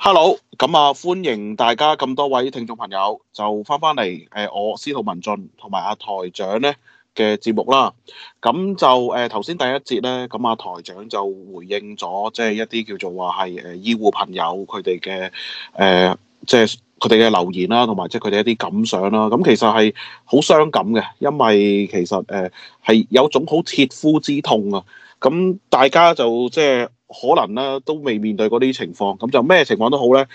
Hello，咁啊，歡迎大家咁多位聽眾朋友就翻翻嚟，誒，我司徒文進同埋阿台長咧嘅節目啦。咁就誒頭先第一節咧，咁阿台長就回應咗即係一啲叫做話係誒醫護朋友佢哋嘅誒即係佢哋嘅留言啦，同埋即係佢哋一啲感想啦。咁其實係好傷感嘅，因為其實誒係有種好切膚之痛啊。咁大家就即係。可能咧都未面對過嗰啲情況，咁就咩情況都好咧。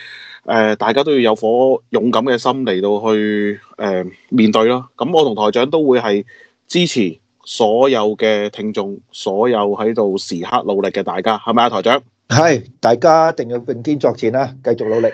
誒，大家都要有顆勇敢嘅心嚟到去誒面對咯。咁我同台長都會係支持所有嘅聽眾，所有喺度時刻努力嘅大家，係咪啊？台長，係，大家一定要並肩作戰啦，繼續努力。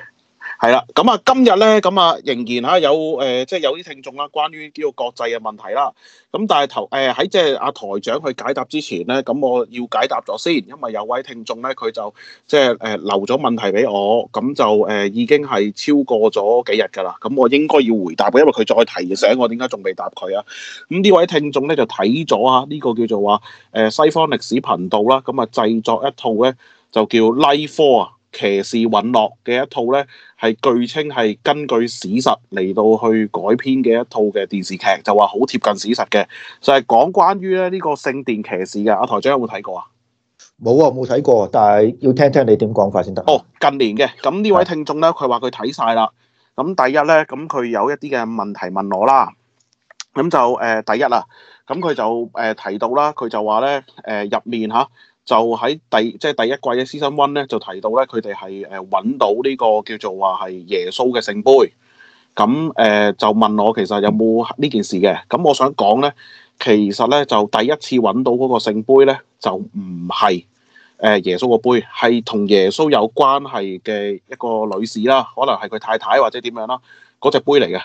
係啦，咁啊，今日咧，咁啊，仍然啊有誒，即係有啲聽眾啦，關於呢個國際嘅問題啦。咁但係頭誒喺即係阿台長去解答之前咧，咁我要解答咗先，因為有位聽眾咧，佢就即係誒留咗問題俾我，咁就誒已經係超過咗幾日㗎啦。咁我應該要回答嘅，因為佢再提醒我點解仲未答佢啊。咁呢位聽眾咧就睇咗啊，呢個叫做話誒西方歷史頻道啦，咁啊製作一套咧就叫拉科啊。騎士隕落嘅一套咧，係據稱係根據史實嚟到去改編嘅一套嘅電視劇，就話好貼近史實嘅，就係、是、講關於咧呢個聖殿騎士嘅。阿台長有冇睇過啊？冇啊，冇睇過，但係要聽聽你點講法先得。哦，近年嘅。咁呢位聽眾咧，佢話佢睇晒啦。咁第一咧，咁佢有一啲嘅問題問我啦。咁就誒、呃、第一啦，咁佢就誒、呃、提到啦，佢就話咧，誒、呃、入面吓。就喺第即係第一季嘅師生 One 咧，就提到咧佢哋係誒揾到呢個叫做話係耶穌嘅聖杯，咁誒、呃、就問我其實有冇呢件事嘅？咁我想講咧，其實咧就第一次揾到嗰個聖杯咧就唔係誒耶穌個杯，係同耶穌有關係嘅一個女士啦，可能係佢太太或者點樣啦，嗰隻杯嚟嘅。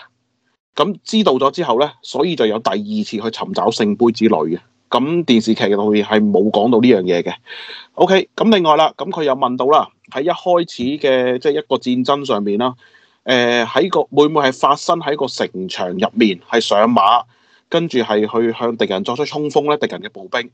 咁知道咗之後咧，所以就有第二次去尋找聖杯之旅嘅。咁電視劇入面係冇講到呢樣嘢嘅。OK，咁另外啦，咁佢又問到啦，喺一開始嘅即係一個戰爭上面啦，誒、呃、喺個會唔會係發生喺個城牆入面，係上馬跟住係去向敵人作出衝鋒呢？敵人嘅步兵。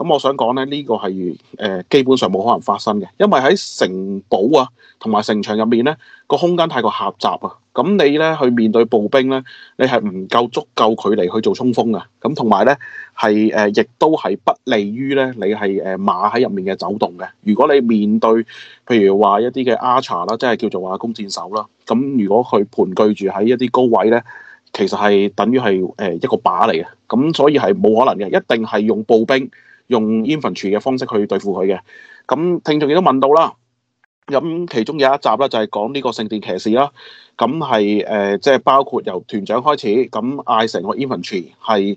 咁我想講咧，呢、這個係誒、呃、基本上冇可能發生嘅，因為喺城堡啊同埋城牆入面呢個空間太過狹窄啊。咁你呢去面對步兵呢，你係唔夠足夠距離去做衝鋒嘅。咁同埋呢係誒、呃，亦都係不利於呢，你係誒、呃、馬喺入面嘅走動嘅。如果你面對譬如話一啲嘅 archer 啦，即係叫做話弓箭手啦，咁如果佢盤踞住喺一啲高位呢，其實係等於係誒、呃、一個靶嚟嘅。咁所以係冇可能嘅，一定係用步兵。用 infantry 嘅方式去對付佢嘅咁，聽眾亦都問到啦。咁其中有一集啦，就係講呢個聖殿騎士啦。咁係誒，即、呃、係、就是、包括由團長開始咁嗌成個 infantry 係誒、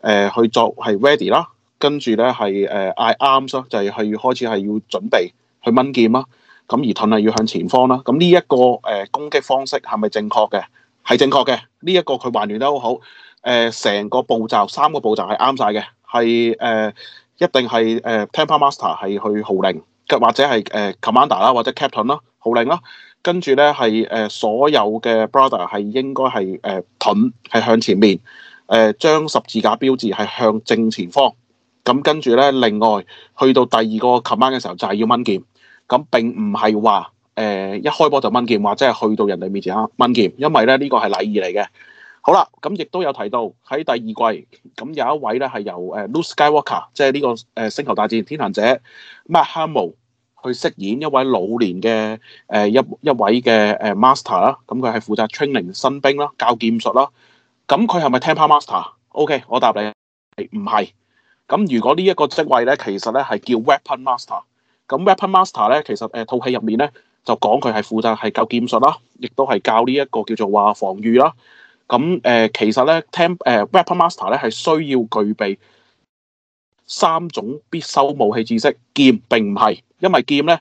呃、去作係 ready 啦，跟住咧係誒嗌 arms 就係去開始係要準備去掹劍啦。咁而盾係要向前方啦。咁呢一個誒、呃、攻擊方式係咪正確嘅？係正確嘅。呢、這、一個佢還原得好好誒，成、呃、個步驟三個步驟係啱晒嘅，係誒。呃一定係誒 Temple Master 係去號令，或者係誒 commander 啦，或者 captain 啦，號令啦，跟住咧係誒所有嘅 brother 係應該係誒盾係向前面，誒、呃、將十字架標誌係向正前方，咁跟住咧另外去到第二個 command 嘅時候就係要掹劍，咁並唔係話誒一開波就掹劍，或者係去到人哋面前啊掹劍，因為咧呢、呢個係禮儀嚟嘅。好啦，咁亦都有提到喺第二季，咁有一位咧係由誒 Luke Skywalker，即係呢個誒星球大戰天行者 Mark Hamill 去飾演一位老年嘅誒一一位嘅誒 master 啦，咁佢係負責 training 新兵啦，教劍術啦。咁佢係咪 temper master？OK，我答你係唔係？咁如果呢一個職位咧，其實咧係叫 weapon master。咁 weapon master 咧，其實誒套戲入面咧就講佢係負責係教劍術啦，亦都係教呢一個叫做話防禦啦。咁誒、呃，其實咧，聽誒 Weapon Master 咧係需要具備三種必修武器知識，劍並唔係，因為劍咧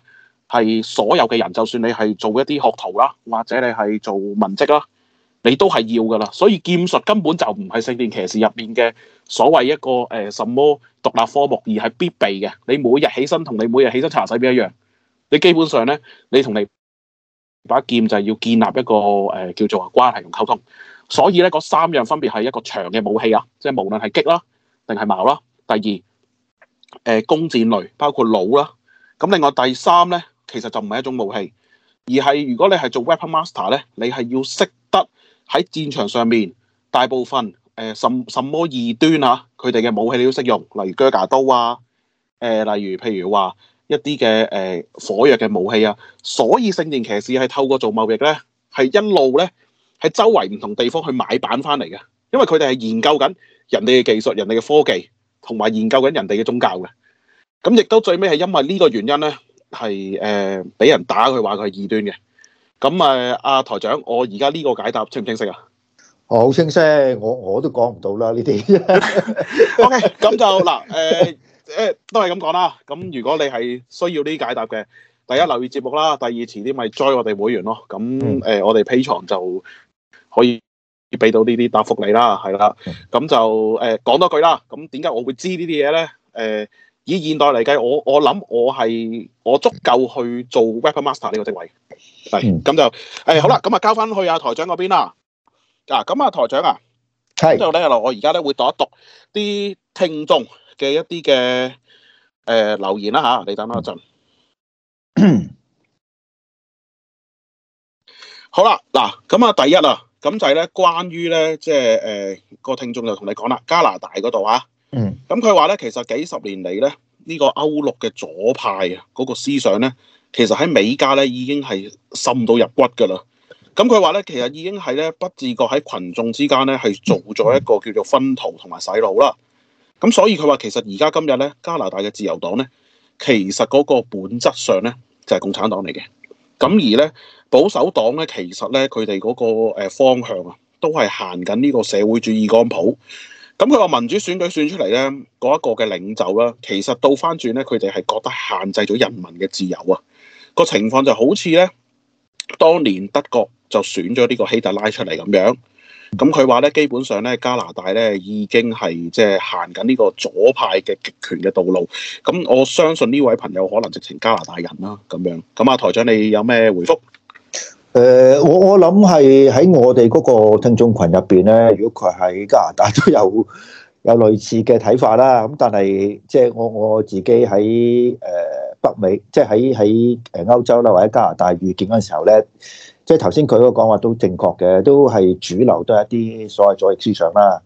係所有嘅人，就算你係做一啲學徒啦，或者你係做文職啦，你都係要噶啦。所以劍術根本就唔係聖殿騎士入邊嘅所謂一個誒、呃、什麼獨立科目，而係必備嘅。你每日起身同你每日起身查洗邊一樣，你基本上咧，你同你把劍就係要建立一個誒、呃、叫做關係同溝通。所以咧，嗰三樣分別係一個長嘅武器啊，即係無論係擊啦，定係矛啦。第二，誒弓箭類包括弩啦。咁另外第三咧，其實就唔係一種武器，而係如果你係做 weapon master 咧，你係要識得喺戰場上面大部分誒什什麼異端啊，佢哋嘅武器你都識用，例如鋸架刀啊，誒例如譬如話一啲嘅誒火藥嘅武器啊。所以聖殿騎士係透過做貿易咧，係一路咧。喺周圍唔同地方去買版翻嚟嘅，因為佢哋係研究緊人哋嘅技術、人哋嘅科技，同埋研究緊人哋嘅宗教嘅。咁亦都最尾係因為呢個原因咧，係誒俾人打佢話佢係異端嘅。咁誒，阿、啊、台長，我而家呢個解答清唔清晰啊？哦，好清晰，我我都講唔到啦呢啲。OK，咁就嗱，誒、呃、誒、呃呃呃、都係咁講啦。咁如果你係需要呢啲解答嘅，第一留意節目啦，第二遲啲咪 join 我哋會員咯。咁誒，我哋披床就。可以俾到呢啲答覆你啦，係啦，咁就誒講多句啦。咁點解我會知呢啲嘢咧？誒、呃，以現代嚟計，我我諗我係我足夠去做 Webmaster 呢個職位。係咁就誒好啦，咁啊交翻去啊台長嗰邊啦。嗱、啊，咁啊台長啊，之後咧我而家咧會讀一讀啲聽眾嘅一啲嘅誒留言啦、啊、吓，你等一陣、嗯。好啦，嗱、啊，咁、嗯、啊第一啊。咁就係咧，關於咧，即係誒個聽眾就同你講啦，加拿大嗰度啊，嗯，咁佢話咧，其實幾十年嚟咧，呢個歐陸嘅左派啊，嗰個思想咧，其實喺美加咧已經係滲到入骨㗎啦。咁佢話咧，其實已經係咧不自覺喺群眾之間咧係做咗一個叫做分途同埋洗腦啦。咁、嗯、所以佢話其實而家今日咧，加拿大嘅自由黨咧，其實嗰個本質上咧就係、係、共產黨嚟嘅。咁而咧。保守黨咧，其實咧佢哋嗰個、呃、方向啊，都係行緊呢個社會主義光譜。咁佢話民主選舉選出嚟咧嗰一個嘅領袖啦，其實倒翻轉咧，佢哋係覺得限制咗人民嘅自由啊。個情況就好似咧，當年德國就選咗呢個希特拉出嚟咁樣。咁佢話咧，基本上咧加拿大咧已經係即係行緊呢個左派嘅極權嘅道路。咁、嗯、我相信呢位朋友可能直情加拿大人啦、啊。咁樣咁、嗯、啊，台長你有咩回覆？誒、呃，我我諗係喺我哋嗰個聽眾群入邊咧，如果佢喺加拿大都有有類似嘅睇法啦。咁但係即係我我自己喺誒、呃、北美，即係喺喺誒歐洲啦，或者加拿大遇見嗰陣時候咧，即係頭先佢嗰個講話都正確嘅，都係主流都係一啲所謂左翼思想啦。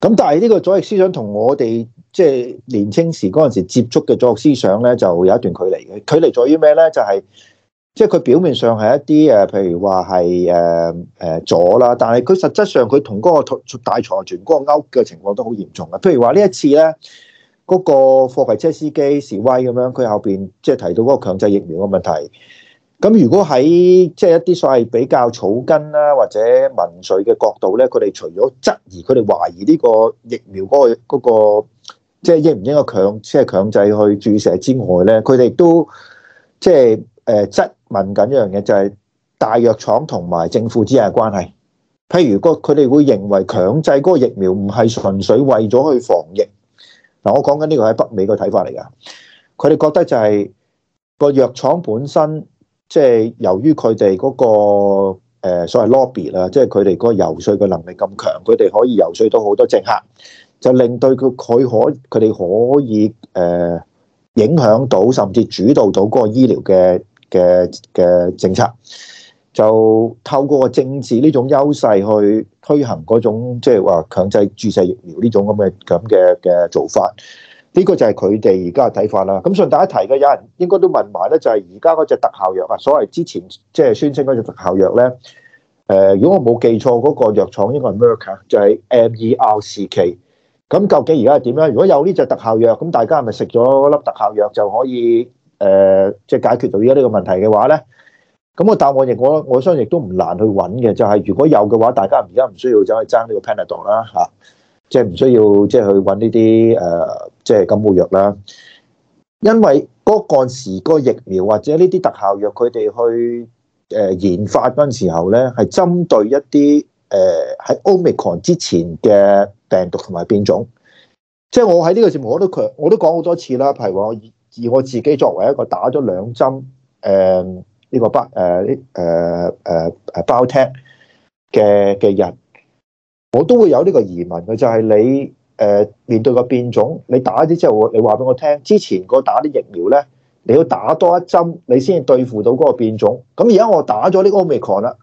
咁但係呢個左翼思想同我哋即係年青時嗰陣時接觸嘅左翼思想咧，就有一段距離嘅。距離在於咩咧？就係、是。即係佢表面上係一啲誒，譬如話係誒誒左啦，但係佢實質上佢同嗰個大財團嗰個勾嘅情況都好嚴重啊！譬如話呢一次咧，嗰、嗰個貨櫃車司機示威咁樣，佢後邊即係提到嗰個強制疫苗嘅問題。咁如果喺即係一啲所謂比較草根啦或者民粹嘅角度咧，佢哋除咗質疑佢哋懷疑呢個疫苗嗰、嗰個即係、嗰個、應唔應該強即係、即係、強制去注射之外咧，佢哋都即係誒質問緊一樣嘢就係大藥廠同埋政府之間嘅關係。譬如個佢哋會認為強制嗰個疫苗唔係純粹為咗去防疫。嗱，我講緊呢個係北美嘅睇法嚟㗎。佢哋覺得就係個藥廠本身，即係由於佢哋嗰個呃所謂 lobby 啦，即係佢哋嗰個游説嘅能力咁強，佢哋可以游説到好多政客，就令到佢佢可佢哋可以呃影響到甚至主導到嗰個醫療嘅嘅嘅政策就透過政治呢種優勢去推行嗰種即係話強制注射疫苗呢種咁嘅咁嘅嘅做法，呢、這個就係佢哋而家嘅睇法啦。咁順帶一提嘅，有人應該都問埋咧，就係而家嗰隻特效藥啊，所謂之前即係宣稱嗰隻特效藥咧，誒、呃，如果我冇記錯，嗰個藥廠應該係 Merca，就係、是、M E R C K。咁究竟而家係點樣？如果有呢隻特效藥，咁大家係咪食咗粒特效藥就可以？誒，即係、呃、解決到而家呢個問題嘅話咧，咁我答我亦我，我相信亦都唔難去揾嘅。就係、是、如果有嘅話，大家而家唔需要走去爭呢個 Panadol 啦，嚇、啊，即係唔需要即係、就是、去揾呢啲誒，即、呃、係、就是、感冒藥啦。因為嗰個時個疫苗或者呢啲特效藥，佢哋去誒研發嗰陣時候咧，係針對一啲誒喺、呃、Omicron 之前嘅病毒同埋變種。即、就、係、是、我喺呢個節目我都講，我都講好多次啦，譬如話。而我自己作為一個打咗兩針誒呢、呃這個不誒呢誒誒誒包踢嘅嘅人，我都會有呢個疑問嘅，就係、是、你誒、呃、面對個變種，你打咗之後，你話俾我聽，之前個打啲疫苗咧，你要打多一針，你先至對付到嗰個變種。咁而家我打咗呢個 Omicron 啦，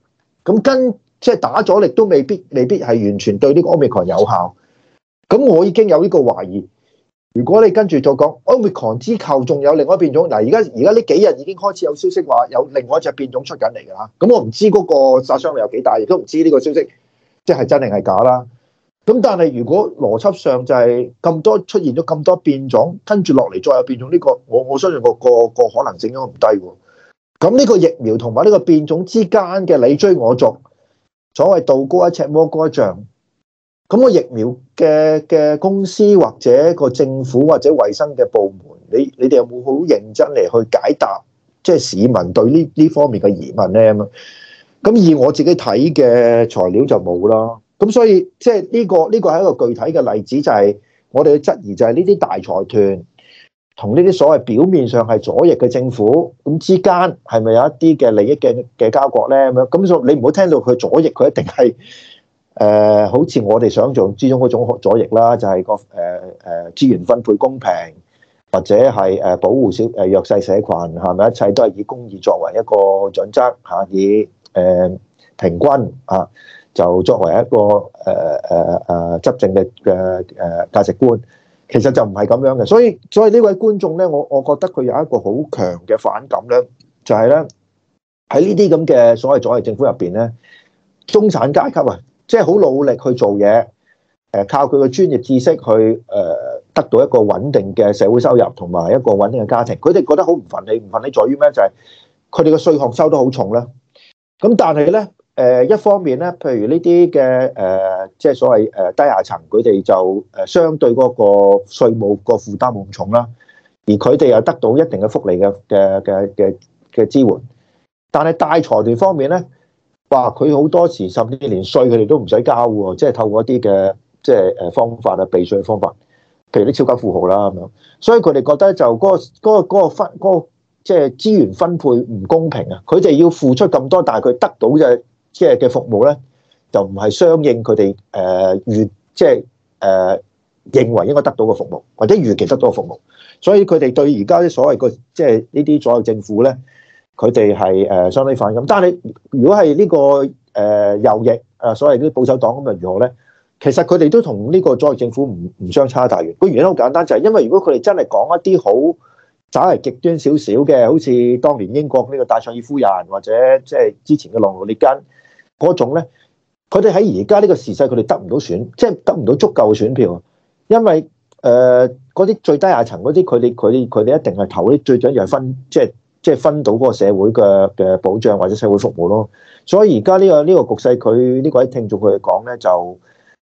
咁跟即係打咗，亦都未必未必係完全對呢個 Omicron 有效。咁我已經有呢個懷疑。如果你跟住再講，Omicron 之後，仲有另外一種變種。嗱，而家而家呢幾日已經開始有消息話有另外一隻變種出緊嚟噶啦。咁我唔知嗰個殺傷力有幾大，亦都唔知呢個消息即係真定係假啦。咁但係如果邏輯上就係咁多出現咗咁多變種，跟住落嚟再有變種、這個，呢個我我相信、個個、個可能性都唔低。咁呢個疫苗同埋呢個變種之間嘅你追我逐，所謂道高一尺，魔高一丈。咁個疫苗嘅嘅公司或者個政府或者衛生嘅部門，你你哋有冇好認真嚟去解答，即係市民對呢呢方面嘅疑問咧咁啊？咁以我自己睇嘅材料就冇啦，咁所以即係呢、這個呢個係一個具體嘅例子，就係、是、我哋嘅質疑就係呢啲大財團同呢啲所謂表面上係左翼嘅政府咁之間，係咪有一啲嘅利益嘅嘅交割咧咁樣？咁所以你唔好聽到佢左翼，佢一定係。誒，好似我哋想象之中嗰種左翼啦，就係個誒誒資源分配公平，或者係誒保護少誒弱勢社群，係咪？一切都係以公義作為一個準則嚇，以誒平均嚇就作為一個誒誒誒執政嘅嘅誒價值觀。其實就唔係咁樣嘅，所以所以呢位觀眾咧，我我覺得佢有一個好強嘅反感咧，就係咧喺呢啲咁嘅所謂左翼政府入邊咧，中產階級啊！即係好努力去做嘢，誒靠佢嘅專業知識去誒得到一個穩定嘅社會收入同埋一個穩定嘅家庭。佢哋覺得好唔忿氣，唔忿氣在於咩？就係佢哋嘅稅項收得好重啦。咁但係咧，誒一方面咧，譬如呢啲嘅誒即係所謂誒低下層，佢哋就誒相對嗰個稅務個負擔冇咁重啦。而佢哋又得到一定嘅福利嘅嘅嘅嘅嘅支援。但係大財團方面咧。哇！佢好多時甚至連稅佢哋都唔使交喎，即係透過一啲嘅即係誒方法啊避稅嘅方法，譬如啲超級富豪啦咁樣。所以佢哋覺得就嗰、嗰個嗰、嗰個、嗰個分嗰即係資源分配唔公平啊！佢哋要付出咁多，但係佢得到嘅即係嘅服務咧，就唔係相應佢哋誒預即係誒認為應該得到嘅服務，或者預期得到嘅服務。所以佢哋對而家啲所謂嘅即係呢啲左右政府咧。佢哋係誒相對反咁，但係如果係呢、這個誒、呃、右翼啊，所謂啲保守黨咁，又如何咧？其實佢哋都同呢個左翼政府唔唔相差大嘅。個原因好簡單，就係、是、因為如果佢哋真係講一啲好渣係極端少少嘅，好似當年英國呢個戴卓爾夫人或者即係之前嘅朗奴列根嗰種咧，佢哋喺而家呢個時勢，佢哋得唔到選，即、就、係、是、得唔到足夠嘅選票，因為誒嗰啲最低下層嗰啲，佢哋佢哋佢哋一定係投啲最緊要係分即係。就是即係分到嗰個社會嘅嘅保障或者社會服務咯，所以而家呢個呢、呢個局勢，佢、呢個、呢個喺聽眾佢哋講咧就誒、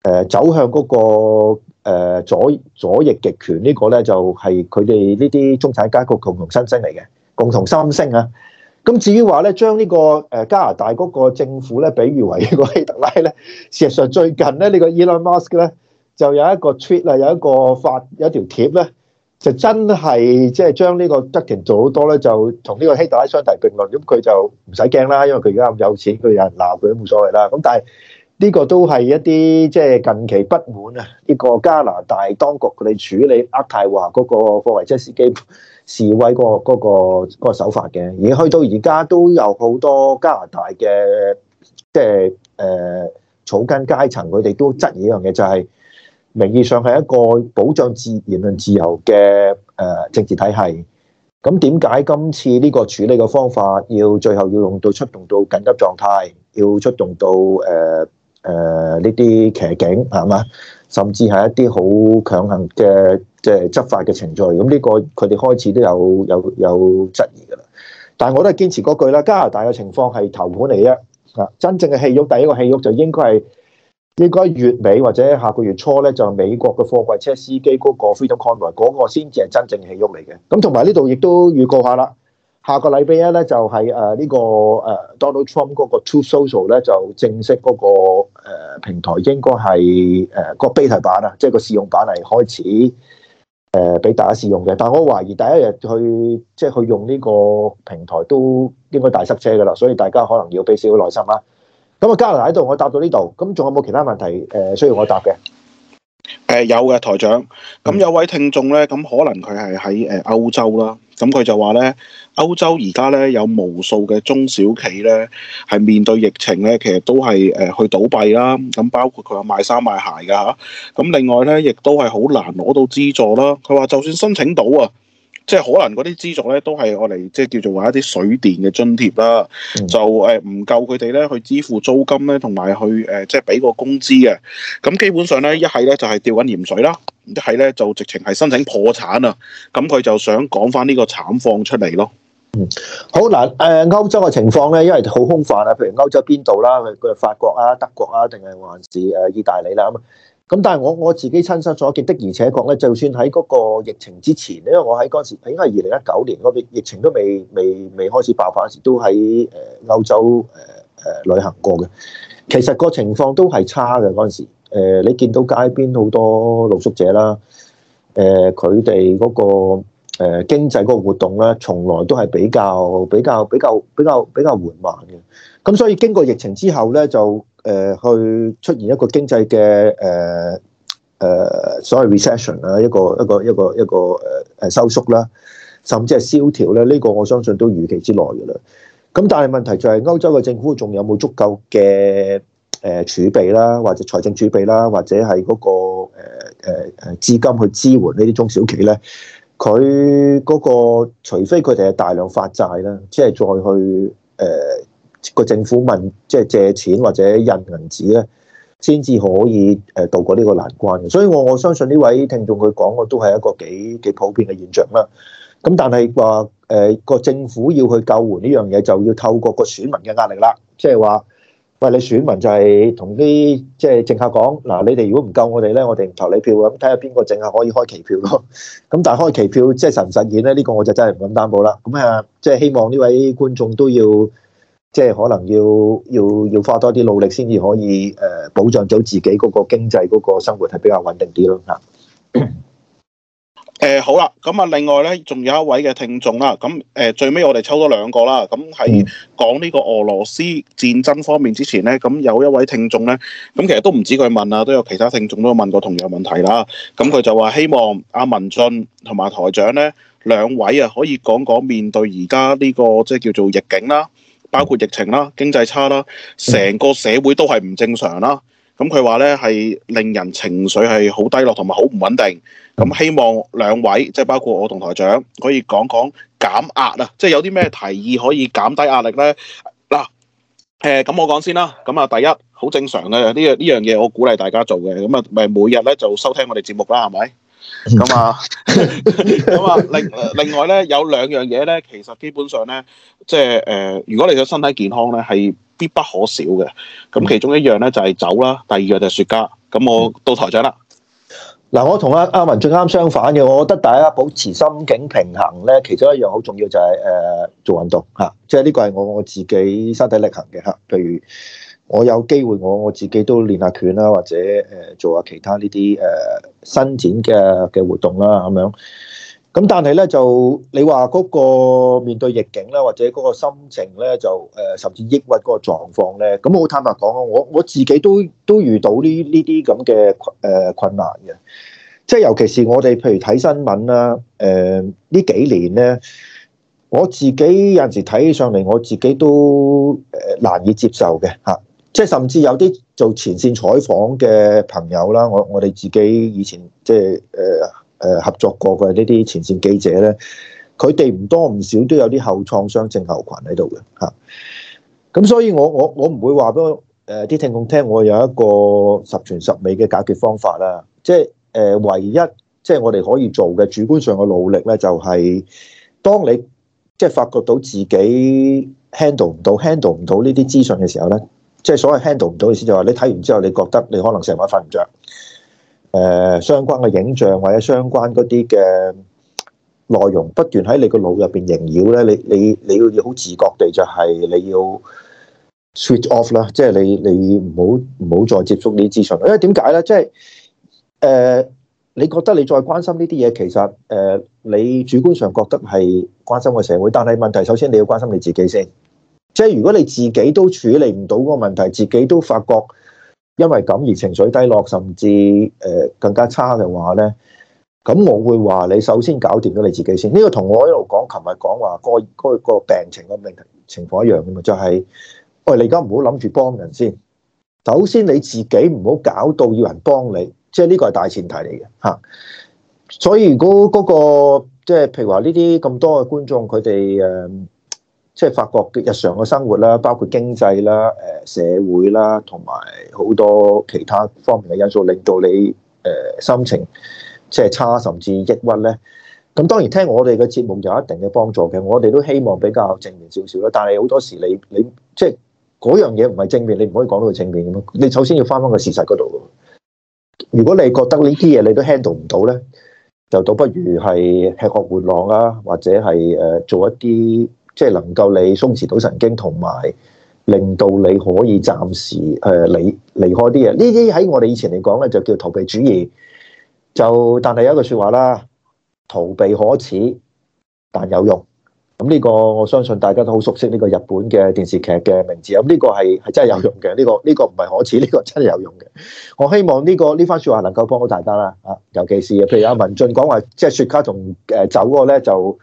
呃、走向嗰、嗰個、呃、左左翼極權個呢個咧就係佢哋呢啲中產階級共同心聲嚟嘅共同心聲啊！咁至於話咧將呢個誒加拿大嗰個政府咧比喻為呢個希特拉咧，事實上最近咧呢、呢個 Elon Musk 咧就有一個 tweet 啊，有一個發有一條貼咧。就真係即係將呢個質疑做好多咧，就同呢個希特拉相提並論。咁佢就唔使驚啦，因為佢而家咁有錢，佢有人鬧佢都冇所謂啦。咁但係呢個都係一啲即係近期不滿啊！呢、呢個加拿大當局佢哋處理渥太華嗰、嗰個貨櫃、嗰個、車司機示威嗰、嗰個嗰、嗰個嗰個、手法嘅，而去到而家都有好多加拿大嘅即係誒草根階層，佢哋都質疑一樣嘢、就係，就係。名義上係一個保障自言論自由嘅誒政治體系，咁點解今次呢個處理嘅方法要最後要用到出動到緊急狀態，要出動到誒誒呢啲騎警係嘛？甚至係一啲好強行嘅嘅、即係、執法嘅程序，咁呢個佢哋開始都有有有質疑㗎啦。但係我都係堅持嗰句啦，加拿大嘅情況係頭盤嚟嘅，嚇真正嘅戲肉，第一個戲肉就應該係。應該月尾或者下個月初咧，就美國嘅貨櫃車司機嗰個 Freedom Convoy 嗰個先至係真正起喐嚟嘅。咁同埋呢度亦都預告下啦，下個禮拜一咧就係誒呢個誒、呃、Donald Trump 嗰個 Truth Social 咧就正式嗰、那個誒、呃、平台應該係誒個 beta 版啊，即、就、係、是、個試用版嚟開始誒俾、呃、大家試用嘅。但係我懷疑第一日去即係、就是、去用呢個平台都應該大塞車噶啦，所以大家可能要俾少少耐心啦。咁加拿大度我答到呢度，咁仲有冇其他問題誒需要我答嘅？誒、呃，有嘅台長，咁有位聽眾咧，咁可能佢係喺誒歐洲啦，咁佢就話咧，歐洲而家咧有無數嘅中小企咧係面對疫情咧，其實都係誒去倒閉啦，咁包括佢話賣衫賣鞋噶吓，咁另外咧亦都係好難攞到資助啦。佢話就算申請到啊。即係可能嗰啲資助咧，都係我哋即係叫做話一啲水電嘅津貼啦，嗯、就誒唔夠佢哋咧去支付租金咧，同埋去誒、呃、即係俾個工資嘅。咁基本上咧，一係咧就係吊緊鹽水啦，一係咧就直情係申請破產啊。咁佢就想講翻呢個慘況出嚟咯。嗯，好嗱，誒、呃、歐洲嘅情況咧，因為好空泛啊，譬如歐洲邊度啦，譬如法國啊、德國啊，定係還是誒意大利啦啊。咁但係我我自己親身所見的，而且講咧，就算喺嗰個疫情之前，因為我喺嗰時，應該係二零一九年嗰邊疫情都未未未開始爆發嗰時，都喺誒歐洲誒誒旅行過嘅。其實個情況都係差嘅嗰陣時。誒，你見到街邊好多露宿者啦。誒，佢哋嗰個誒經濟嗰個活動咧，從來都係比較比較比較比較比較緩慢嘅。咁所以經過疫情之後咧，就。誒、呃、去出現一個經濟嘅誒誒所謂 recession 啦，一個一個一個一個誒誒收縮啦，甚至係蕭條咧，呢、這個我相信都預期之內嘅啦。咁但係問題就係歐洲嘅政府仲有冇足夠嘅誒、呃、儲備啦，或者財政儲備啦，或者係嗰、那個誒誒誒資金去支援呢啲中小企咧？佢嗰、那個除非佢哋係大量發債啦，即係再去誒。呃個政府問即係借錢或者印銀紙咧，先至可以誒渡過呢個難關。所以我我相信呢位聽眾佢講嘅都係一個幾幾普遍嘅現象啦。咁但係話誒個政府要去救援呢樣嘢，就要透過個選民嘅壓力啦。即係話喂，你選民就係同啲即係政客講嗱，你哋如果唔救我哋咧，我哋唔投你票咁。睇下邊個政客可以開期票咯。咁但係開期票即係實唔實現咧？呢個我就真係唔敢擔保啦。咁啊，即係希望呢位觀眾都要。即係可能要要要花多啲努力，先至可以誒保障到自己嗰個經濟嗰個生活係比較穩定啲咯吓。誒，好啦，咁啊，另外咧，仲有一位嘅聽眾啦。咁誒，最尾我哋抽咗兩個啦。咁喺講呢個俄羅斯戰爭方面之前咧，咁有一位聽眾咧，咁其實都唔止佢問啊，都有其他聽眾都有問過同樣問題啦。咁佢就話希望阿文進同埋台長咧兩位啊，可以講講面對而家呢個即係叫做逆境啦。包括疫情啦、經濟差啦，成個社會都係唔正常啦。咁佢話呢係令人情緒係好低落同埋好唔穩定。咁希望兩位即係包括我同台長可以講講減壓啊，即係有啲咩提議可以減低壓力呢？嗱，誒、呃、咁我講先啦。咁啊，第一好正常嘅呢樣呢樣嘢，我鼓勵大家做嘅。咁啊，咪每日呢，就收聽我哋節目啦，係咪？咁啊，咁啊，另另外咧，有兩樣嘢咧，其實基本上咧，即係誒、呃，如果你嘅身體健康咧係必不可少嘅，咁其中一樣咧就係、是、酒啦，第二樣就係雪茄，咁我到台長、嗯嗯、啦。嗱，我同阿阿文最啱相反嘅，我覺得大家保持心境平衡咧，其中一樣好重要就係、是、誒、呃、做運動吓、啊，即係呢個係我我自己身體力行嘅吓，譬、啊、如。我有機會，我我自己都練下拳啦，或者誒做下其他呢啲誒伸展嘅嘅活動啦，咁樣。咁但係咧，就你話嗰個面對逆境啦，或者嗰個心情咧，就誒甚至抑鬱嗰個狀況咧，咁我坦白講啊，我我自己都都遇到呢呢啲咁嘅誒困難嘅。即係尤其是我哋譬如睇新聞啦，誒呢幾年咧，我自己有陣時睇起上嚟，我自己都誒難以接受嘅嚇。即係甚至有啲做前線採訪嘅朋友啦，我我哋自己以前即係誒誒合作過嘅呢啲前線記者咧，佢哋唔多唔少都有啲後創傷症候群喺度嘅吓，咁、啊、所以我，我我我唔會話俾誒啲聽眾聽，聽，聽，我有一個十全十美嘅解決方法啦。即係誒、呃、唯一即係我哋可以做嘅主觀上嘅努力咧，就係、是、當你即係發覺到自己 handle 唔到 handle 唔到呢啲資訊嘅時候咧。即係所謂 handle 唔到意思，就係話你睇完之後，你覺得你可能成晚瞓唔着誒，相關嘅影像或者相關嗰啲嘅內容不斷喺你個腦入邊縈繞咧，你你你要好自覺地就係你要 switch off 啦。即係你你唔好唔好再接觸呢啲資訊。因為點解咧？即係誒，你覺得你再關心呢啲嘢，其實誒，你主觀上覺得係關心個社會，但係問題首先你要關心你自己先。即係如果你自己都處理唔到個問題，自己都發覺因為咁而情緒低落，甚至誒、呃、更加差嘅話咧，咁我會話你首先搞掂咗你自己先。呢、這個同我一路講，琴日講話個、那個病情嘅病情況一樣噶嘛，就係、是、喂、哎，你而家唔好諗住幫人先，首先你自己唔好搞到要人幫你，即係呢個係大前提嚟嘅嚇。所以如果嗰、那個即係譬如話呢啲咁多嘅觀眾，佢哋誒。呃即係法國發覺日常嘅生活啦，包括經濟啦、誒、呃、社會啦，同埋好多其他方面嘅因素，令到你誒、呃、心情即係差，甚至抑鬱咧。咁當然聽我哋嘅節目有一定嘅幫助嘅，我哋都希望比較正面少少啦，但係好多時你你即係嗰樣嘢唔係正面，你唔可以講到佢正面嘅咩？你首先要返返個事實嗰度。如果你覺得呢啲嘢你都 handle 唔到咧，就倒不如係吃喝玩樂啊，或者係誒做一啲。即係能夠你鬆弛到神經，同埋令到你可以暫時誒離離開啲嘢。呢啲喺我哋以前嚟講咧，就叫逃避主義。就但係有一句説話啦，逃避可恥，但有用。咁呢個我相信大家都好熟悉呢個日本嘅電視劇嘅名字啊。咁呢個係係真係有用嘅。呢個呢個唔係可恥，呢個真係有用嘅。我希望呢個呢番説話能夠幫到大家啦。啊，尤其是譬如阿文進講話，即係雪茄同誒酒嗰個咧就。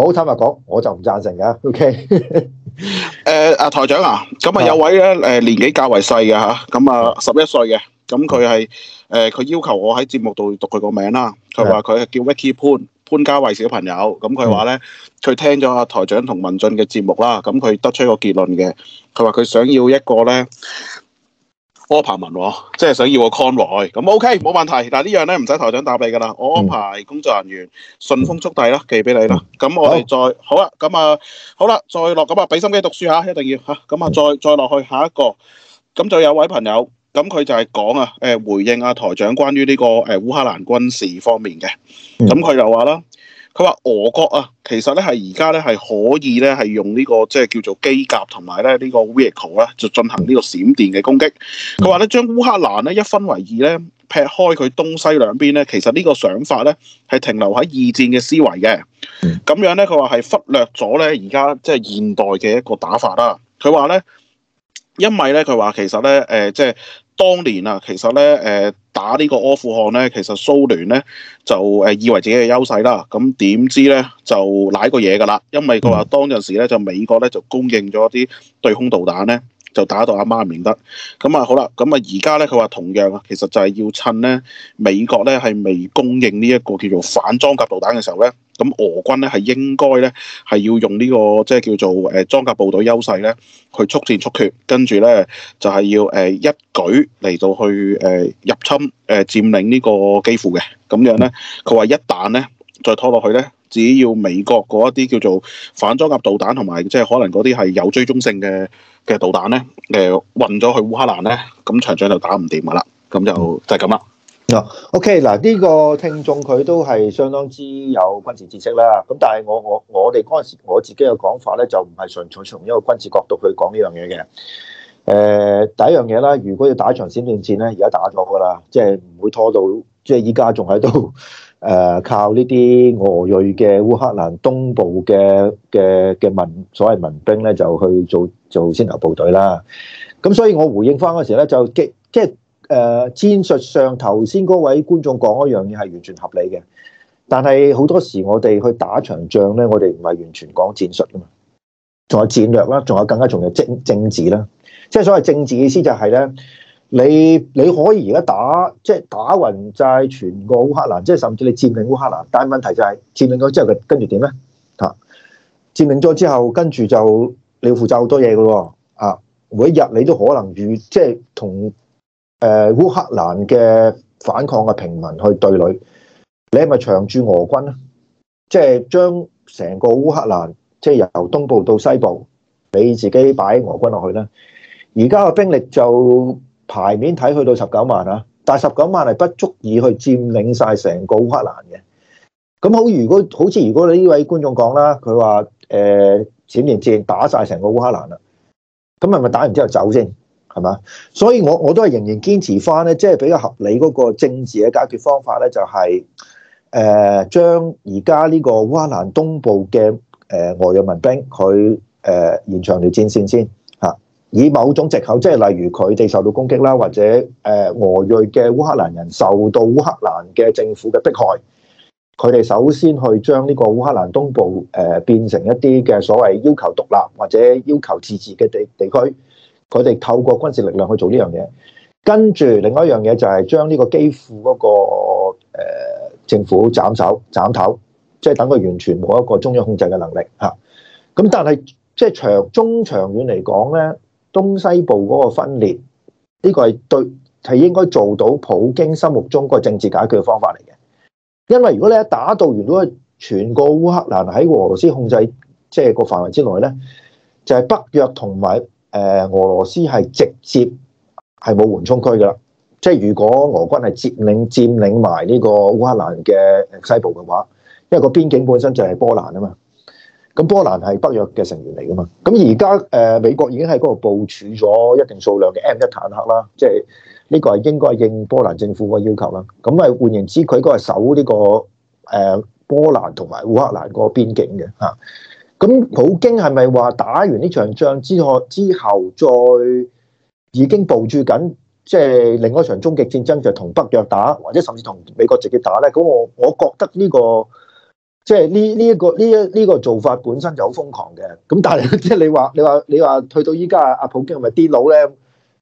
好坦白講，我就唔贊成噶。OK，誒 啊、呃、台長啊，咁啊有位咧誒年紀較為細嘅嚇，咁啊十一歲嘅，咁佢係誒佢要求我喺節目度讀佢個名啦。佢話佢係叫 Vicky 潘潘家衛小朋友，咁佢話咧，佢的聽咗阿台長同文進嘅節目啦，咁佢得出一個結論嘅。佢話佢想要一個咧。柯柏文喎，即係想要個 con 來，咁 OK 冇問題。但係呢樣咧唔使台長答你㗎啦，我安排工作人員順豐速遞啦，寄俾你咯。咁我哋再好啦、啊，咁啊好啦、啊，再落咁啊，俾心機讀書嚇，一定要嚇。咁啊，再再落去下一個，咁就有位朋友，咁佢就係講啊，誒回應啊台長關於呢個誒烏克蘭軍事方面嘅，咁佢就話啦。佢話俄國啊，其實咧係而家咧係可以咧係用呢、這個即係叫做機甲同埋咧呢個 vehicle 咧，就進行呢個閃電嘅攻擊。佢話咧將烏克蘭咧一分為二咧，劈開佢東西兩邊咧，其實呢個想法咧係停留喺二戰嘅思維嘅。咁樣咧，佢話係忽略咗咧而家即係現代嘅一個打法啦、啊。佢話咧，因為咧佢話其實咧誒、呃、即係。當年啊，其實咧，誒、呃，打呢個阿富汗咧，其實蘇聯咧就誒、呃、以為自己嘅優勢啦，咁、嗯、點知咧就舐過嘢噶啦，因為佢話當陣時咧就美國咧就供應咗啲對空導彈咧，就打到阿媽唔認得，咁、嗯、啊好啦，咁啊而家咧佢話同樣啊，其實就係要趁咧美國咧係未供應呢一個叫做反裝甲導彈嘅時候咧。咁俄軍咧係應該咧係要用呢、這個即係叫做誒裝甲部隊優勢咧，去速戰速決。跟住咧就係、是、要誒、呃、一舉嚟到去誒、呃、入侵誒佔、呃、領呢個機庫嘅。咁樣咧，佢話一旦咧再拖落去咧，只要美國嗰一啲叫做反裝甲導彈同埋即係可能嗰啲係有追蹤性嘅嘅導彈咧，誒運咗去烏克蘭咧，咁場仗就打唔掂噶啦。咁就就係咁啦。嗱，OK，嗱呢個聽眾佢都係相當之有軍事知識啦。咁但係我我我哋嗰陣時我自己嘅講法咧，就唔係純粹從一個軍事角度去講呢樣嘢嘅。誒、呃、第一樣嘢啦，如果要打一場閃電戰咧，而家打咗噶啦，即係唔會拖到，即係依家仲喺度誒靠呢啲俄裔嘅烏克蘭東部嘅嘅嘅民所謂民兵咧，就去做做先頭部隊啦。咁所以我回應翻嗰時咧，就即即。誒、呃、戰術上頭先嗰位觀眾講嗰樣嘢係完全合理嘅，但係好多時我哋去打場仗咧，我哋唔係完全講戰術㗎嘛，仲有戰略啦，仲有更加重要政政治啦，即係所謂政治意思就係咧，你你可以而家打即係打勻晒全個烏克蘭，即係甚至你佔領烏克蘭，但係問題就係佔領咗之後佢跟住點咧？嚇、啊，佔領咗之後跟住就你要負責好多嘢㗎喎，啊，每一日你都可能與即係同。誒，烏克蘭嘅反抗嘅平民去對壘，你係咪長駐俄軍咧？即係將成個烏克蘭，即係由東部到西部，你自己擺俄軍落去咧。而家嘅兵力就牌面睇去到十九萬啊，但係十九萬係不足以去佔領晒成個烏克蘭嘅。咁好，如果好似如果你呢位觀眾講啦，佢話誒，閃電戰打晒成個烏克蘭啦，咁係咪打完之後走先？係嘛？所以我我都係仍然堅持翻咧，即、就、係、是、比較合理嗰個政治嘅解決方法咧，就係、是、誒、呃、將而家呢個烏克蘭東部嘅誒俄裔民兵佢誒延長條戰線先嚇、啊，以某種藉口，即係例如佢哋受到攻擊啦，或者誒、呃、俄裔嘅烏克蘭人受到烏克蘭嘅政府嘅迫害，佢哋首先去將呢個烏克蘭東部誒、呃、變成一啲嘅所謂要求獨立或者要求自治嘅地地區。佢哋透過軍事力量去做呢樣嘢，跟住另外一樣嘢就係將呢個基輔嗰、那個誒、呃、政府斬手斬頭，即係等佢完全冇一個中央控制嘅能力吓。咁、啊、但係即係長中長遠嚟講咧，東西部嗰個分裂呢、這個係對係應該做到普京心目中個政治解決嘅方法嚟嘅。因為如果你一打到完，都果都係全個烏克蘭喺俄羅斯控制即係個範圍之內咧，就係、是、北約同埋。誒，俄羅斯係直接係冇緩衝區噶啦，即係如果俄軍係佔領佔領埋呢個烏克蘭嘅西部嘅話，因為個邊境本身就係波蘭啊嘛，咁波蘭係北約嘅成員嚟噶嘛，咁而家誒美國已經喺嗰度部署咗一定數量嘅 M1 坦克啦，即係呢個係應該應波蘭政府個要求啦，咁咪換言之，佢嗰係守呢個誒波蘭同埋烏克蘭個邊境嘅嚇。咁普京係咪話打完呢場仗之後之後再已經部署緊即係另一場終極戰爭就同北約打或者甚至同美國直接打咧？咁我我覺得呢個即係呢呢一個呢呢個做法本身就好瘋狂嘅。咁但係即係你話你話你話去到依家阿普京係咪癲佬咧？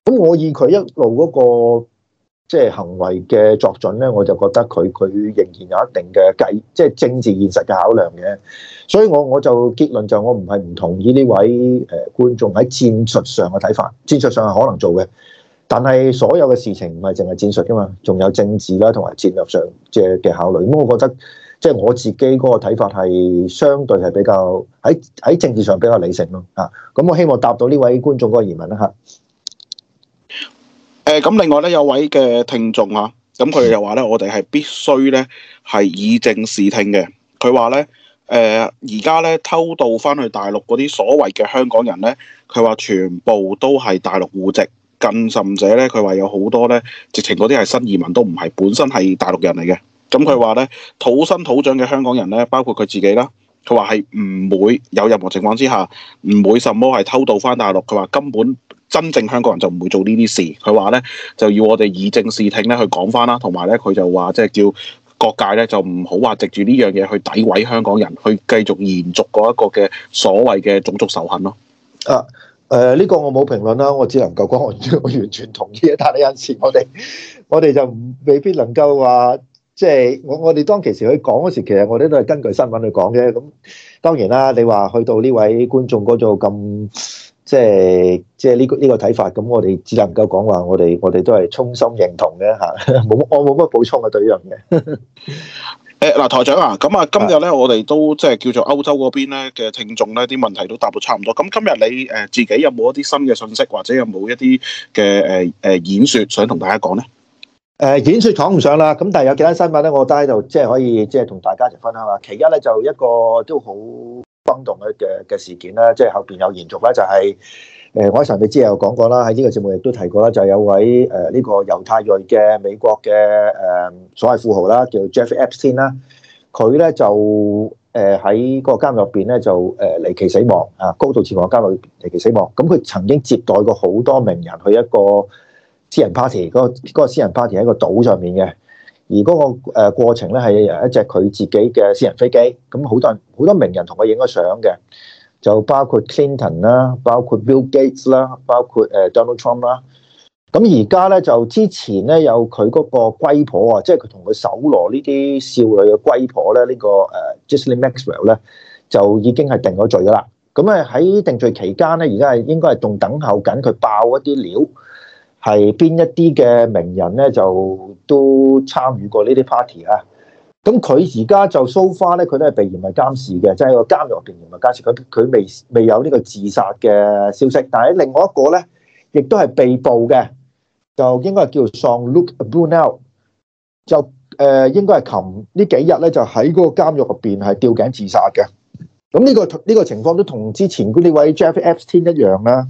咁我以佢一路嗰個即係行為嘅作準咧，我就覺得佢佢仍然有一定嘅計，即係政治現實嘅考量嘅。所以我我就結論就我唔係唔同意呢位誒觀眾喺戰術上嘅睇法，戰術上係可能做嘅，但係所有嘅事情唔係淨係戰術噶嘛，仲有政治啦同埋戰略上嘅嘅考慮。咁我覺得即係我自己嗰個睇法係相對係比較喺喺政治上比較理性咯。啊，咁我希望答到呢位觀眾嗰個疑問啦吓。誒，咁另外咧，有位嘅聽眾啊，咁佢又話咧，我哋係必須咧，係以正視聽嘅。佢話咧，誒而家咧偷渡翻去大陸嗰啲所謂嘅香港人咧，佢話全部都係大陸戶籍，更甚者咧，佢話有好多咧，直情嗰啲係新移民都唔係本身係大陸人嚟嘅。咁佢話咧，土生土長嘅香港人咧，包括佢自己啦。佢話係唔會有任何情況之下唔會什麼係偷渡翻大陸。佢話根本真正香港人就唔會做呢啲事。佢話呢就要我哋以正視聽咧去講翻啦，同埋呢，佢就話即係叫各界呢就唔好話藉住呢樣嘢去詆毀香港人，去繼續延續嗰一個嘅所謂嘅種族仇恨咯。啊呢、呃呢個我冇評論啦，我只能夠講我完全同意，但係有時我哋我哋就，我就未必能夠話。即係我我哋當其時去講嗰時，其實我哋都係根據新聞去講嘅。咁、嗯、當然啦，你話去到呢位觀眾嗰度咁，即係即係呢、呢個呢、呢個睇法。咁、嗯、我哋只能夠講話，我哋我哋都係衷心認同嘅吓。冇、啊、我冇乜補充嘅內容嘅。誒嗱、呃，台長啊，咁啊，今日咧我哋都即係叫做歐洲嗰邊咧嘅聽眾咧啲問題都答到差唔多。咁今日你誒自己有冇一啲新嘅信息，或者有冇一啲嘅誒誒演說想同大家講咧？誒，演說講唔上啦，咁但係有其他新聞咧，我都喺度即係可以即係同大家一齊分享下。其一咧，就一個都好轟動嘅嘅嘅事件啦，即係後邊有延續咧，就係、是、誒，我喺神秘之夜之前又講過啦，喺呢個節目亦都提過啦，就有位誒呢、呃這個猶太裔嘅美國嘅誒、呃、所謂富豪啦，叫 Jeff Epstein 啦，佢咧就誒喺、呃、個監獄入邊咧就誒離奇死亡啊，高度囚房監獄入邊離奇死亡。咁佢曾經接待過好多名人去一個。私人 party 嗰個私人 party 喺個島上面嘅，而嗰個誒過程咧係一隻佢自己嘅私人飛機，咁好多人好多名人同佢影咗相嘅，就包括 Clinton 啦，包括 Bill Gates 啦，包括誒 Donald Trump 啦。咁而家咧就之前咧有佢嗰個龜婆啊，即係佢同佢搜羅呢啲少女嘅龜婆咧，這個、呢個誒 Ghislaine Maxwell 咧，就已經係定咗罪噶啦。咁誒喺定罪期間咧，而家係應該係仲等候緊佢爆一啲料。係邊一啲嘅名人咧，就都參與過呢啲 party 啊？咁佢而家就 so far 咧，佢都係被嚴密監視嘅，即係個監獄入邊嚴密監視佢。佢未未有呢個自殺嘅消息。但係另外一個咧，亦都係被捕嘅，就應該叫 Jean-Luc Brunel 就誒、呃、應該係琴呢幾日咧，就喺嗰個監獄入邊係吊頸自殺嘅。咁呢、呢個呢、呢個情況都同之前嗰啲位 Jeff Epstein 一樣啦。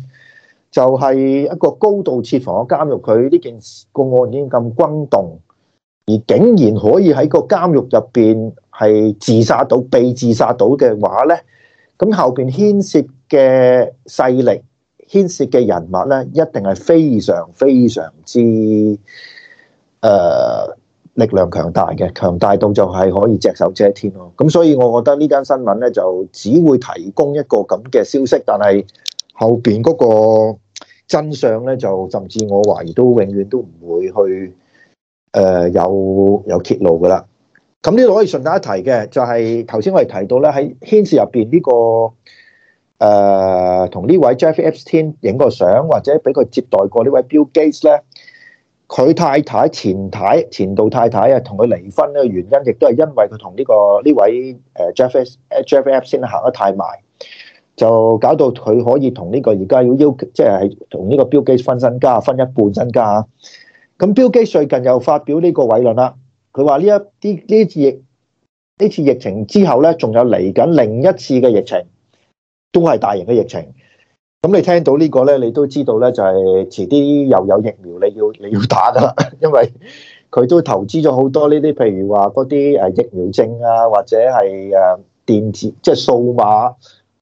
就係一個高度設防嘅監獄，佢呢件個案已經咁轟動，而竟然可以喺個監獄入邊係自殺到被自殺到嘅話咧，咁後邊牽涉嘅勢力、牽涉嘅人物咧，一定係非常非常之誒力量強大嘅，強大到就係可以隻手遮天咯。咁所以我覺得呢單新聞咧就只會提供一個咁嘅消息，但係後邊嗰個。真相咧就甚至我懷疑都永遠都唔會去誒、呃、有有揭露噶啦。咁呢度可以順帶一提嘅，就係頭先我哋提到咧，喺牽涉入邊呢個誒同呢位 Jeff Epstein 影個相，或者俾佢接待過呢位 Bill Gates 咧，佢太太前太太前度太太啊，同佢離婚呢個原因，亦都係因為佢同呢個呢位誒 Jeff, Jeff Epstein 行得太埋。就搞到佢可以同呢個而家要邀，即係同呢個標基分身家分一半身家啊。咁標基最近又發表呢個偉論啦，佢話呢一啲呢次疫呢次疫情之後咧，仲有嚟緊另一次嘅疫情，都係大型嘅疫情。咁你聽到個呢個咧，你都知道咧、就係，就係遲啲又有疫苗你要你要打噶啦， 因為佢都投資咗好多呢啲，譬如話嗰啲誒疫苗證啊，或者係誒電子即係、就係、數碼。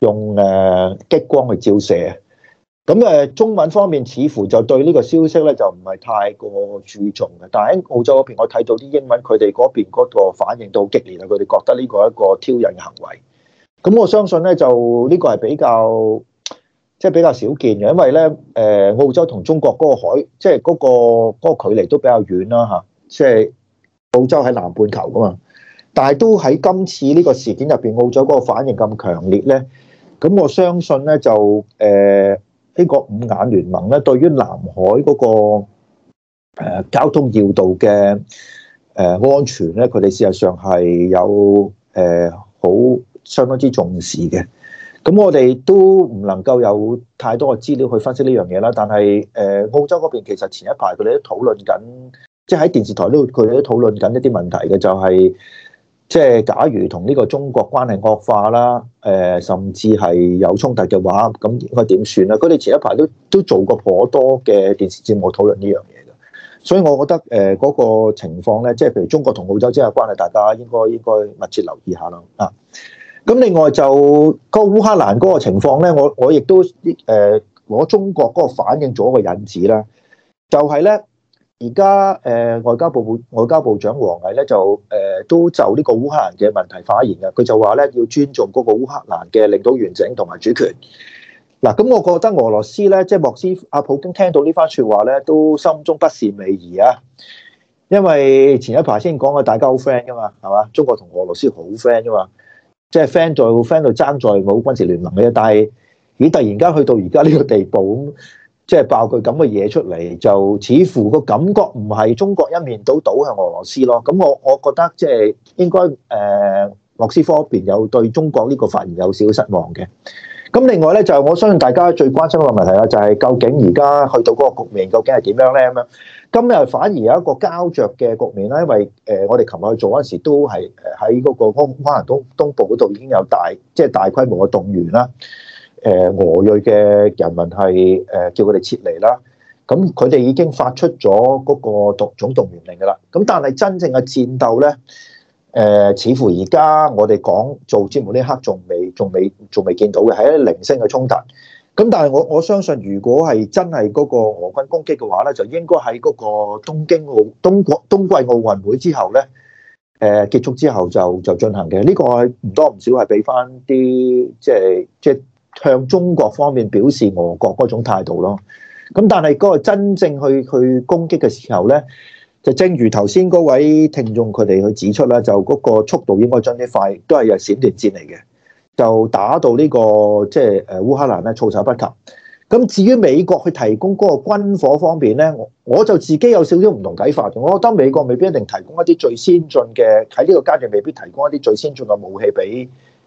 用誒激光去照射，咁誒中文方面似乎就對呢個消息咧就唔係太過注重嘅。但喺澳洲嗰邊，我睇到啲英文，佢哋嗰邊嗰個反應都好激烈啊！佢哋覺得呢個係一個挑釁嘅行為。咁我相信咧，就呢個係比較即係比較少見嘅，因為咧誒澳洲同中國嗰個海，即係嗰個嗰個距離都比較遠啦嚇，即係澳洲喺南半球噶嘛。但係都喺今次呢個事件入邊，澳洲嗰個反應咁強烈咧。咁我相信咧就誒呢個五眼聯盟咧對於南海嗰、嗰個、呃、交通要道嘅誒、呃、安全咧，佢哋事實上係有誒好、呃、相當之重視嘅。咁我哋都唔能夠有太多嘅資料去分析呢樣嘢啦。但係誒、呃、澳洲嗰邊其實前一排佢哋都討論緊，即係喺電視台都佢哋都討論緊一啲問題嘅，就係、係。即係假如同呢個中國關係惡化啦，誒、呃、甚至係有衝突嘅話，咁應該點算啊？佢哋前一排都都做過好多嘅電視節目討論呢樣嘢㗎，所以我覺得誒嗰、呃嗰個情況咧，即係譬如中國同澳洲之間嘅關係，大家應該應該密切留意下啦。啊，咁另外就嗰、嗰個、烏克蘭嗰個情況咧，我我亦都誒攞、呃、中國嗰個反應做一個引子啦，就係、係、咧。而家誒，外交部部外交部長王毅咧就誒、呃，都就呢個烏克蘭嘅問題發言啊。佢就話咧，要尊重嗰個烏克蘭嘅領土完整同埋主權。嗱、啊，咁我覺得俄羅斯咧，即係莫斯阿、啊、普京聽到番呢番說話咧，都心中不是味兒啊。因為前一排先講啊，大家好 friend 噶嘛，係嘛？中國同俄羅斯好 friend 啫嘛，即係 friend, do, friend, do, friend do 在，friend 在爭在冇軍事聯盟嘅，但係咦，突然間去到而家呢個地步咁。即係爆佢咁嘅嘢出嚟，就似乎個感覺唔係中國一面倒倒向俄羅斯咯。咁我我覺得即係應該誒，莫斯科嗰邊有對中國呢個發言有少少失望嘅。咁另外咧，就係我相信大家最關心個問題啦，就係究竟而家去到嗰個局面究竟係點樣咧咁樣？今日反而有一個膠著嘅局面啦，因為誒我哋琴日去做嗰陣時都係誒喺嗰個烏克蘭東東部嗰度已經有大即係大規模嘅動員啦。誒俄裔嘅人民係誒叫佢哋撤離啦，咁佢哋已經發出咗嗰個總總動員令㗎啦。咁但係真正嘅戰鬥咧，誒似乎而家我哋講做節目呢刻仲未仲未仲未見到嘅，係一啲零星嘅衝突。咁但係我我相信，如果係真係嗰個俄軍攻擊嘅話咧，就應該喺嗰個東京奧東國冬季奧運會之後咧，誒結束之後就就進行嘅。呢個唔多唔少係俾翻啲即係即係。向中國方面表示俄國嗰種態度咯，咁但係嗰個真正去去攻擊嘅時候咧，就正如頭先嗰位聽眾佢哋去指出啦，就嗰個速度應該將啲快，都係有閃電戰嚟嘅，就打到呢個即係誒烏克蘭咧措手不及。咁至於美國去提供嗰個軍火方面咧，我我就自己有少少唔同睇法，我覺得美國未必一定提供一啲最先進嘅，喺呢個階段未必提供一啲最先進嘅武器俾。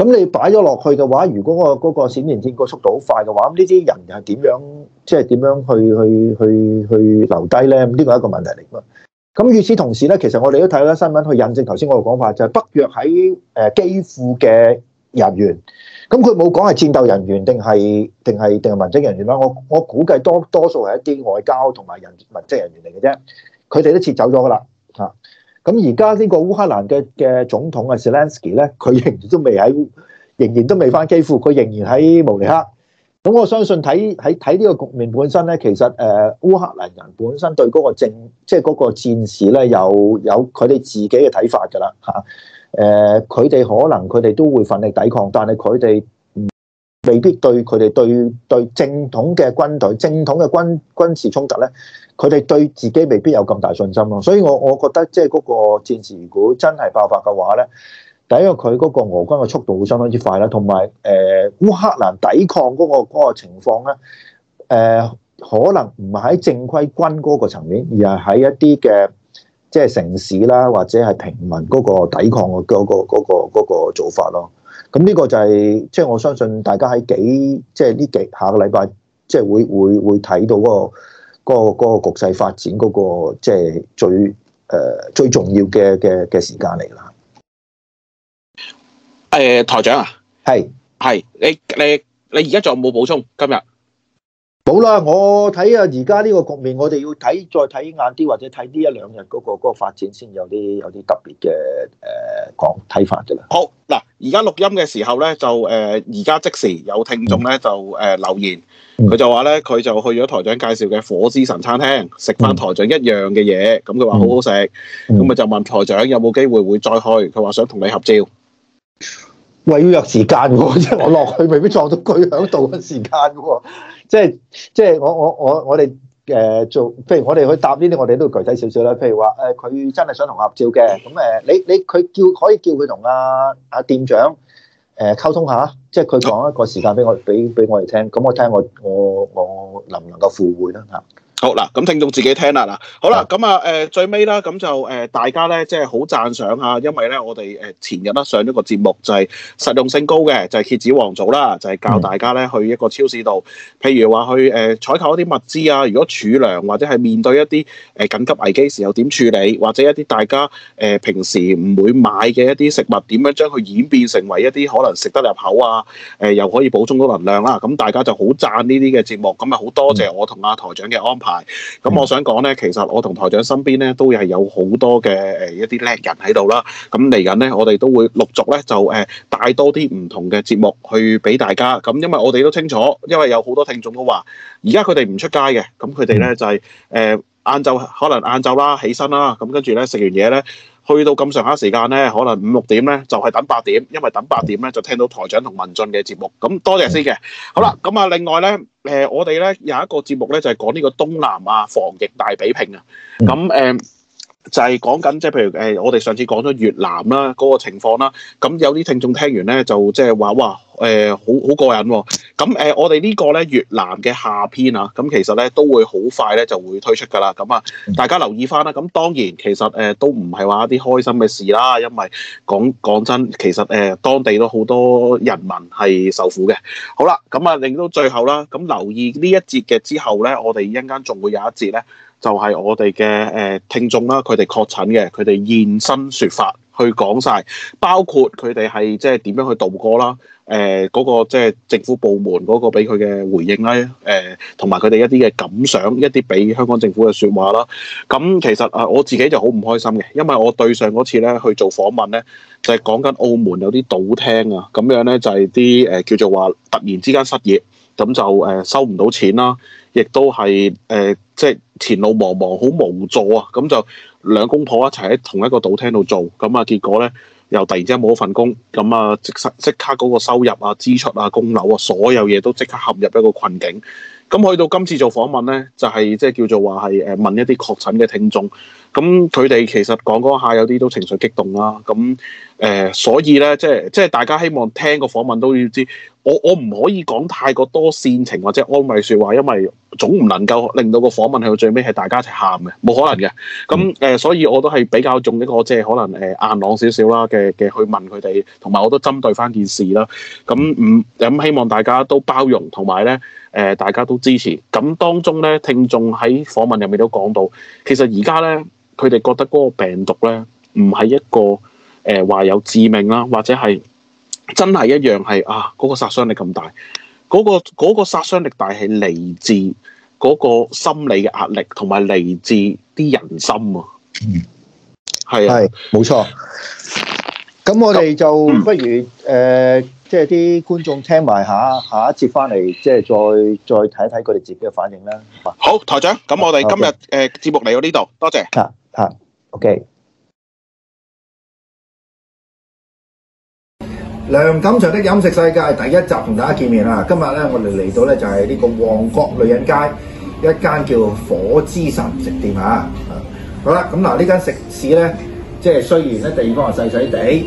咁你擺咗落去嘅話，如果我嗰個閃電戰個速度好快嘅話，咁呢啲人又點樣，即係點樣去去去去留低咧？咁呢個係一個問題嚟嘅。咁與此同時咧，其實我哋都睇到新聞去印證頭先我嘅講法，就係、是、北約喺誒基輔嘅人員，咁佢冇講係戰鬥人員定係定係定係文職人員啦。我我估計多多數係一啲外交同埋人文職人員嚟嘅啫，佢哋都撤走咗㗎啦，嚇。咁而家呢個烏克蘭嘅嘅總統啊，Selensky 咧，佢仍然都未喺，仍然都未翻基輔，佢仍然喺慕尼黑。咁我相信睇睇睇呢個局面本身咧，其實誒、呃、烏克蘭人本身對嗰個政，即係嗰個戰事咧，有有佢哋自己嘅睇法㗎啦嚇。誒、呃，佢哋可能佢哋都會奮力抵抗，但係佢哋。未必對佢哋對對正統嘅軍隊、正統嘅軍軍事衝突咧，佢哋對自己未必有咁大信心咯。所以我我覺得即係嗰個戰事，如果真係爆發嘅話咧，第一個佢嗰個俄軍嘅速度會相當之快啦，同埋誒烏克蘭抵抗嗰個嗰個情況咧，誒、呃、可能唔係正規軍嗰個層面，而係喺一啲嘅即係城市啦，或者係平民嗰個抵抗嘅嗰個嗰個嗰個嗰個做法咯。咁呢個就係，即係我相信大家喺幾，即係呢幾下個禮拜，即係會會會睇到嗰個嗰個嗰個局勢發展嗰個，即係最誒最重要嘅嘅嘅時間嚟啦。誒台長啊，係係你你你而家仲有冇補充今日？好啦，我睇下而家呢個局面，我哋要睇再睇晏啲，或者睇呢一兩日嗰個嗰個發展，先有啲有啲特別嘅誒講睇法噶啦。好嗱，而家錄音嘅時候咧，就誒而家即時有聽眾咧，就誒、呃、留言，佢就話咧，佢就去咗台長介紹嘅火之神餐廳食翻台長一樣嘅嘢，咁佢話好好食，咁咪、嗯、就問台長有冇機會會再去，佢話想同你合照。喂，要約時間喎、啊，即係 我落去未必撞到佢響度嘅時間喎、啊。即係即係我我我我哋誒、呃、做，譬如我哋去答呢啲，我哋都具體少少啦。譬如話誒，佢、呃、真係想同合照嘅，咁誒你你佢叫可以叫佢同阿阿店長誒、呃、溝通下，即係佢講一個時間俾我俾俾我哋聽，咁我睇下我我我，我能唔能夠赴會啦嚇。好嗱，咁聽眾自己聽啦嗱。好啦，咁啊誒最尾啦，咁就誒大家咧，即係好讚賞啊，因為咧我哋誒前日啦上咗個節目，就係、是、實用性高嘅，就係、是、揭子王組啦，就係、是、教大家咧去一個超市度，譬如話去誒、呃、採購一啲物資啊，如果儲糧或者係面對一啲誒、呃、緊急危機時候點處理，或者一啲大家誒、呃、平時唔會買嘅一啲食物點樣將佢演變成為一啲可能食得入口啊，誒、呃、又可以補充到能量啦。咁、嗯、大家就好讚呢啲嘅節目，咁啊好多謝我同阿、啊、台長嘅安排。咁、嗯、我想講呢，其實我同台長身邊呢，都係有好多嘅誒、呃、一啲叻人喺度啦。咁嚟緊呢，我哋都會陸續呢，就誒、呃、帶多啲唔同嘅節目去俾大家。咁、嗯、因為我哋都清楚，因為有好多聽眾都話，而家佢哋唔出街嘅，咁佢哋呢，就係誒晏晝，可能晏晝啦，起身啦，咁、嗯、跟住呢，食完嘢呢。去到咁上下時間呢，可能五六點呢就係、是、等八點，因為等八點呢就聽到台長同文進嘅節目。咁多謝先嘅。好啦，咁啊另外呢，誒、呃、我哋呢有一個節目呢，就係、是、講呢個東南亞防疫大比拼啊。咁誒。呃就係講緊，即係譬如，誒，我哋上次講咗越南啦，嗰個情況啦，咁有啲聽眾聽完咧，就即係話哇，誒、呃，好好過癮、哦。咁誒、呃，我哋呢個咧越南嘅下篇啊，咁其實咧都會好快咧就會推出噶啦。咁啊，大家留意返啦。咁當然，其實誒、呃、都唔係話一啲開心嘅事啦，因為講講真，其實誒、呃、當地都好多人民係受苦嘅。好啦，咁啊，令到最後啦，咁留意呢一節嘅之後咧，我哋一陣間仲會有一節咧。就係我哋嘅誒聽眾啦，佢哋確診嘅，佢哋現身說法去講晒，包括佢哋係即係點樣去度過啦，誒、呃、嗰、嗰個即係政府部門嗰個俾佢嘅回應啦，誒同埋佢哋一啲嘅感想，一啲俾香港政府嘅説話啦。咁其實啊、呃，我自己就好唔開心嘅，因為我對上嗰次咧去做訪問咧，就係、係、講緊澳門有啲賭廳啊，咁樣咧就係啲誒叫做話突然之間失業，咁就誒、呃、收唔到錢啦，亦都係誒、呃、即係。呃前路茫茫，好無助啊！咁就兩公婆一齊喺同一個賭廳度做，咁啊結果呢，又突然之間冇咗份工，咁啊即，即刻即刻嗰個收入啊、支出啊、供樓啊，所有嘢都即刻陷入一個困境。咁去到今次做訪問咧，就係即係叫做話係誒問一啲確診嘅聽眾，咁佢哋其實講嗰下有啲都情緒激動啦，咁誒、呃、所以咧，即係即係大家希望聽個訪問都要知，我我唔可以講太過多煽情或者安慰説話，因為總唔能夠令到個訪問去到最尾係大家一齊喊嘅，冇可能嘅。咁誒、呃，所以我都係比較重一、這個即係可能誒硬朗少少啦嘅嘅去問佢哋，同埋我都針對翻件事啦。咁唔咁希望大家都包容，同埋咧。誒，大家都支持。咁當中咧，聽眾喺訪問入面都講到，其實而家咧，佢哋覺得嗰個病毒咧，唔係一個誒話有致命啦，或者係真係一樣係啊嗰個殺傷力咁大。嗰個嗰個殺傷力大係嚟自嗰個心理嘅壓力，同埋嚟自啲人心啊。嗯，係啊，冇錯。咁我哋就不如誒。即係啲觀眾聽埋下下一節翻嚟，即係再再睇一睇佢哋自己嘅反應啦。好，台長，咁我哋今日誒節目嚟到呢度，多謝。嚇嚇，OK。梁錦祥的飲食世界第一集同大家見面啦。今日咧，我哋嚟到咧就係呢個旺角女人街一間叫火之神食店啊。好啦，咁嗱，呢間食肆咧，即係雖然咧地方係細細地。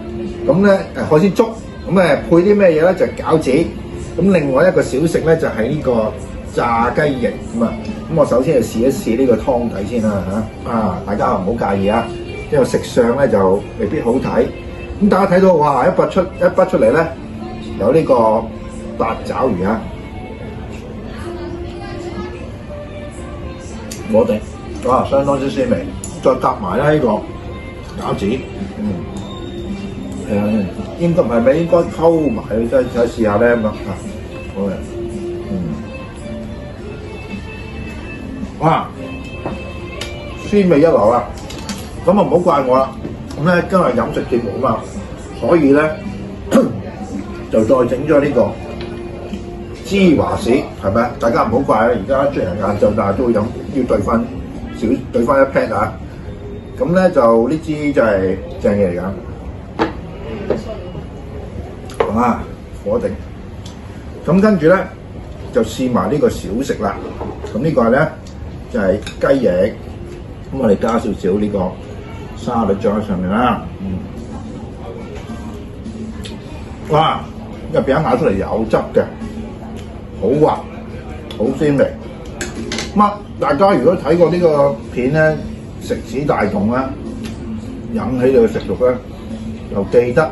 咁咧誒海鮮粥，咁誒配啲咩嘢咧？就係、是、餃子，咁另外一個小食咧就係呢個炸雞翼咁啊！咁、嗯、我首先就試一試呢個湯底先啦嚇啊！大家唔好介意啊，因為食相咧就未必好睇。咁、嗯、大家睇到哇一筆出一筆出嚟咧，有呢個八爪魚、嗯嗯、啊，我頂哇，相當之鮮味，再夾埋咧呢個餃子，嗯。係啊，咁都唔係咩，應該溝埋，真試下呢。嘛好嘅，嗯，哇，酸味一流啊，咁就唔好怪我啦、啊，咁咧今日飲食節目啊嘛，可以呢，就再整咗呢個芝華士，係咪啊？大家唔好怪啊，而家雖然晏晝，但係都會飲，要兌翻少，兌翻一 pat 啊，咁咧就呢支就係正嘢嚟㗎。係、啊、火定咁跟住咧就試埋呢個小食啦。咁、這個、呢個係咧就係、是、雞翼咁，我哋加少少呢個沙律醬喺上面啦。嗯，哇！入邊咬出嚟有汁嘅，好滑，好鮮味。咁大家如果睇過呢個片咧，食指大動啦，引起你嘅食欲咧，又記得。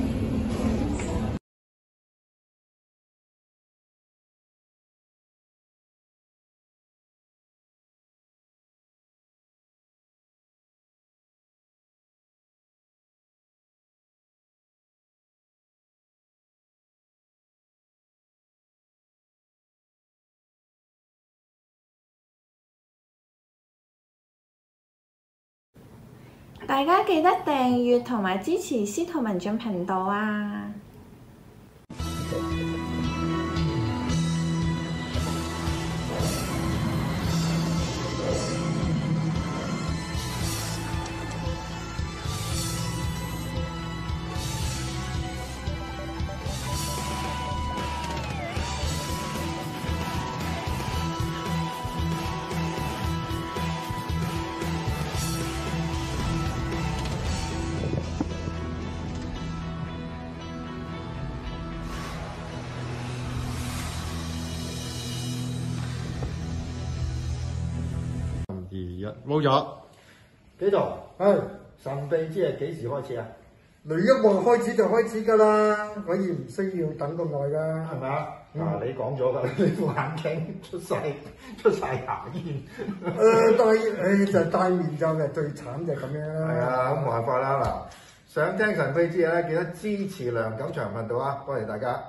大家記得訂閱同埋支持司徒文進頻道啊！冇咗，基度督？哎，神秘之夜幾時開始啊？雷一落開始就開始噶啦，我而唔需要等咁耐噶，係咪啊？嗱、嗯，你講咗噶，嗯、你副眼鏡出晒出晒牙煙，誒、 呃，對，誒、哎，就戴、是、面罩嘅最慘就咁樣啦。係啊、哎，冇辦法啦嗱，想聽神秘之夜咧，記得支持梁錦祥頻道啊，多謝大家。